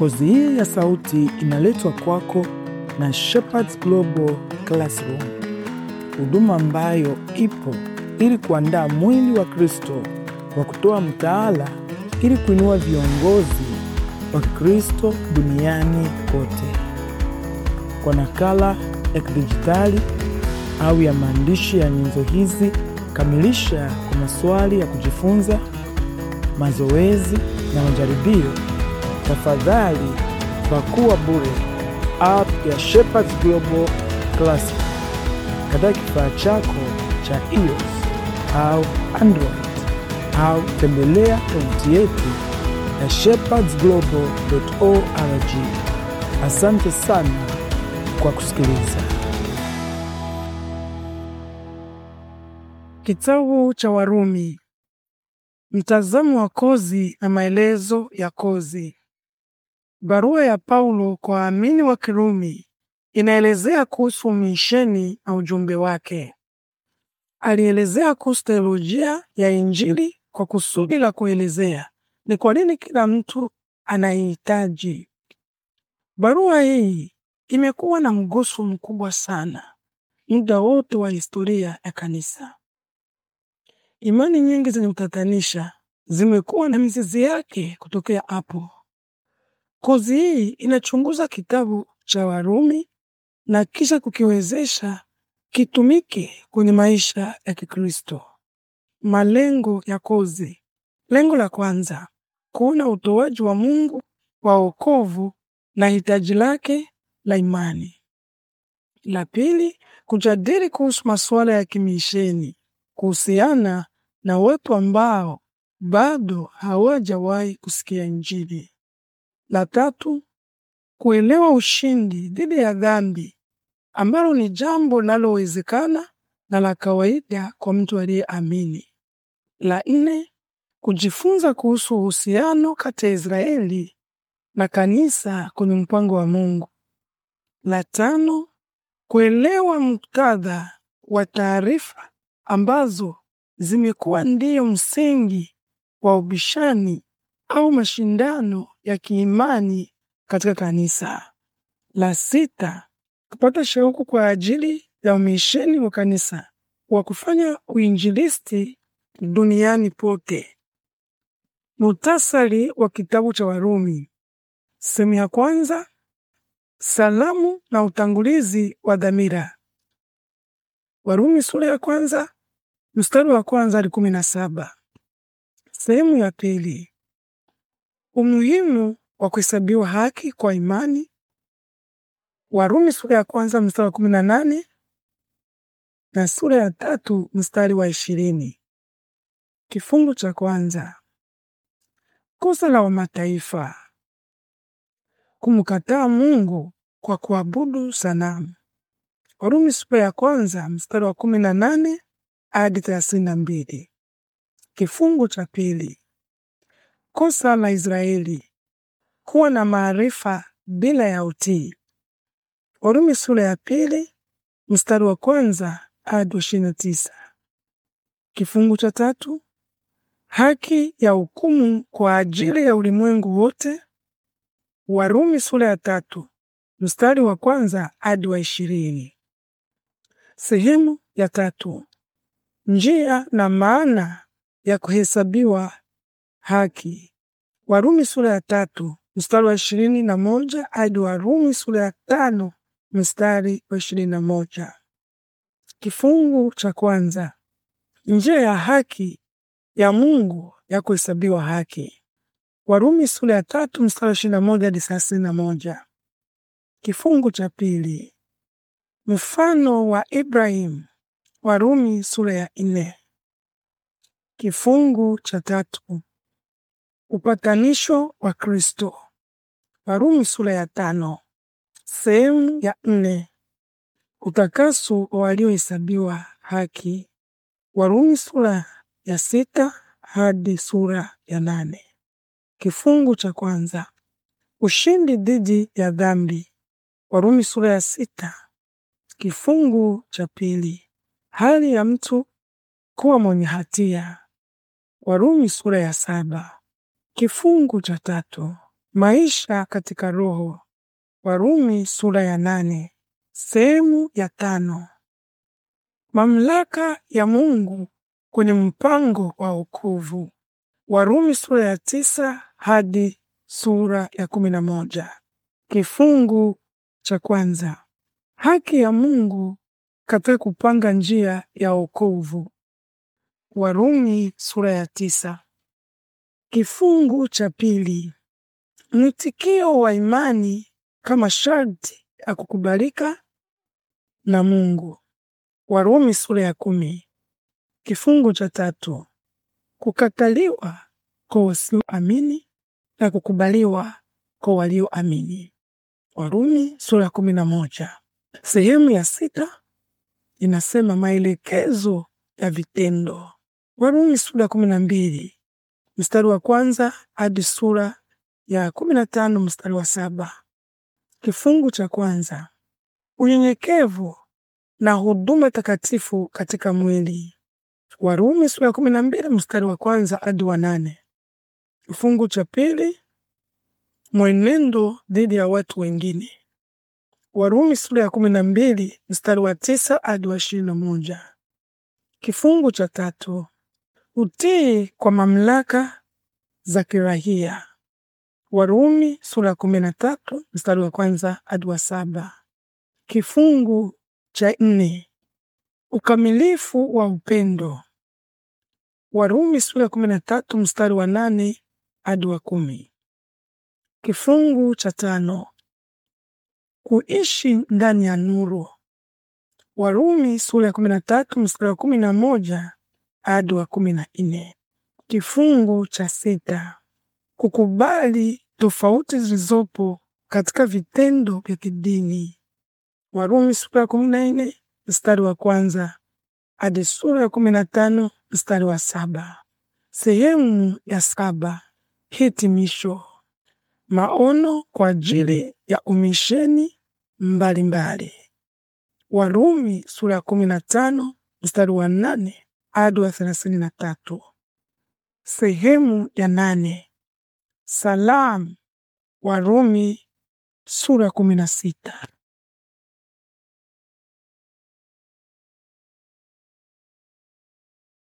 Kozi hii ya sauti inaletwa kwako na Shepherds Global Classroom, huduma ambayo ipo ili kuandaa mwili wa Kristo kwa kutoa mtaala ili kuinua viongozi wa Kristo duniani kote. Kwa nakala ya kidijitali au ya maandishi ya nyenzo hizi, kamilisha kwa maswali ya kujifunza, mazoezi na majaribio tafadhali pakuwa bure app ya Shepherds Global Classic katika kifaa chako cha iOS au Android au tembelea tovuti yetu ya shepherdsglobal.org. Asante sana kwa kusikiliza. Kitabu cha Warumi, mtazamo wa kozi na maelezo ya kozi. Barua ya Paulo kwa waamini wa Kirumi inaelezea kuhusu misheni na ujumbe wake. Alielezea kuhusu teolojia ya Injili kwa kusudi la kuelezea ni kwa nini kila mtu anahitaji. Barua hii imekuwa na mguso mkubwa sana muda wote wa historia ya kanisa. Imani nyingi zenye kutatanisha zimekuwa na mizizi yake kutokea hapo. Kozi hii inachunguza kitabu cha Warumi na kisha kukiwezesha kitumike kwenye maisha ya Kikristo. Malengo ya kozi: lengo la kwanza, kuona utoaji wa Mungu wa wokovu na hitaji lake la imani. La pili, kujadili kuhusu masuala ya kimisheni kuhusiana na watu ambao bado hawajawahi kusikia Injili. La tatu, kuelewa ushindi dhidi ya dhambi ambalo ni jambo linalowezekana na la kawaida kwa mtu aliyeamini. La nne, kujifunza kuhusu uhusiano kati ya Israeli na kanisa kwenye mpango wa Mungu. La tano, kuelewa muktadha wa taarifa ambazo zimekuwa ndiyo msingi wa ubishani au mashindano ya kiimani katika kanisa. La sita, kupata shauku kwa ajili ya umisheni wa kanisa wa kufanya uinjilisti duniani pote. Mutasari wa kitabu cha Warumi sehemu ya kwanza. Salamu na utangulizi wa dhamira. Warumi sura ya kwanza mstari wa kwanza hadi kumi na saba. Sehemu ya pili. Umuhimu wa kuhesabiwa haki kwa imani. Warumi sura ya kwanza mstari wa kumi na nane na sura ya tatu mstari wa ishirini. Kifungu cha kwanza. Kosa la wamataifa: kumkataa Mungu kwa kuabudu sanamu. Warumi sura ya kwanza mstari wa kumi na nane hadi thelathini na mbili. Kifungu cha pili. Kosa la Israeli kuwa na maarifa bila ya utii. Warumi sura ya pili mstari wa kwanza hadi ishirini na tisa. Kifungu cha tatu haki ya hukumu kwa ajili ya ulimwengu wote. Warumi sura ya tatu mstari wa kwanza hadi wa ishirini. Sehemu ya tatu njia na maana ya kuhesabiwa haki. Warumi sura ya tatu mstari wa ishirini na moja hadi Warumi sura ya tano mstari wa ishirini na moja. Kifungu cha kwanza: njia ya haki ya Mungu ya kuhesabiwa haki. Warumi sura ya tatu mstari wa ishirini na moja hadi thelathini na moja. Kifungu cha pili: mfano wa Ibrahimu. Warumi sura ya nne. Kifungu cha tatu: Upatanisho wa Kristo. Warumi sura ya tano sehemu ya nne. Utakaso wa waliohesabiwa haki. Warumi sura ya sita hadi sura ya nane. Kifungu cha kwanza. Ushindi dhidi ya dhambi. Warumi sura ya sita kifungu cha pili. Hali ya mtu kuwa mwenye hatia. Warumi sura ya saba Kifungu cha tatu: maisha katika Roho, Warumi sura ya nane sehemu ya tano. Mamlaka ya Mungu kwenye mpango wa wokovu, Warumi sura ya tisa hadi sura ya kumi na moja. Kifungu cha kwanza: haki ya Mungu katika kupanga njia ya wokovu, Warumi sura ya tisa. Kifungu cha pili. Mwitikio wa imani kama sharti ya kukubalika na Mungu. Warumi sura ya kumi. Kifungu cha tatu. Kukataliwa kwa wasioamini na kukubaliwa kwa walioamini. Warumi sura ya kumi na moja. Sehemu ya sita inasema maelekezo ya vitendo. Warumi sura ya kumi na mbili mstari wa kwanza hadi sura ya kumi na tano mstari wa saba. Kifungu cha kwanza: unyenyekevu na huduma takatifu katika mwili. Warumi sura ya kumi na mbili mstari wa kwanza hadi wa nane. Kifungu cha pili: mwenendo dhidi ya watu wengine. Warumi sura ya kumi na mbili mstari wa tisa hadi wa ishirini na moja. Kifungu cha tatu: utii kwa mamlaka za kiraia. Warumi sura kumi na tatu mstari wa kwanza hadi wa saba. Kifungu cha nne ukamilifu wa upendo. Warumi sura kumi na tatu mstari wa nane hadi wa kumi. Kifungu cha tano kuishi ndani ya nuru. Warumi sura ya kumi na tatu mstari wa kumi na moja hadi wa kumi na nne. Kifungu cha sita: kukubali tofauti zilizopo katika vitendo vya kidini. Warumi sura ya kumi na nne mstari wa kwanza hadi sura ya kumi na tano mstari wa saba. Sehemu ya saba: hitimisho. Maono kwa ajili ya umisheni mbalimbali. Warumi sura ya kumi na tano mstari wa nane hadi wa thelathini na tatu. Sehemu ya nane. Salamu, Warumi sura kumi na sita.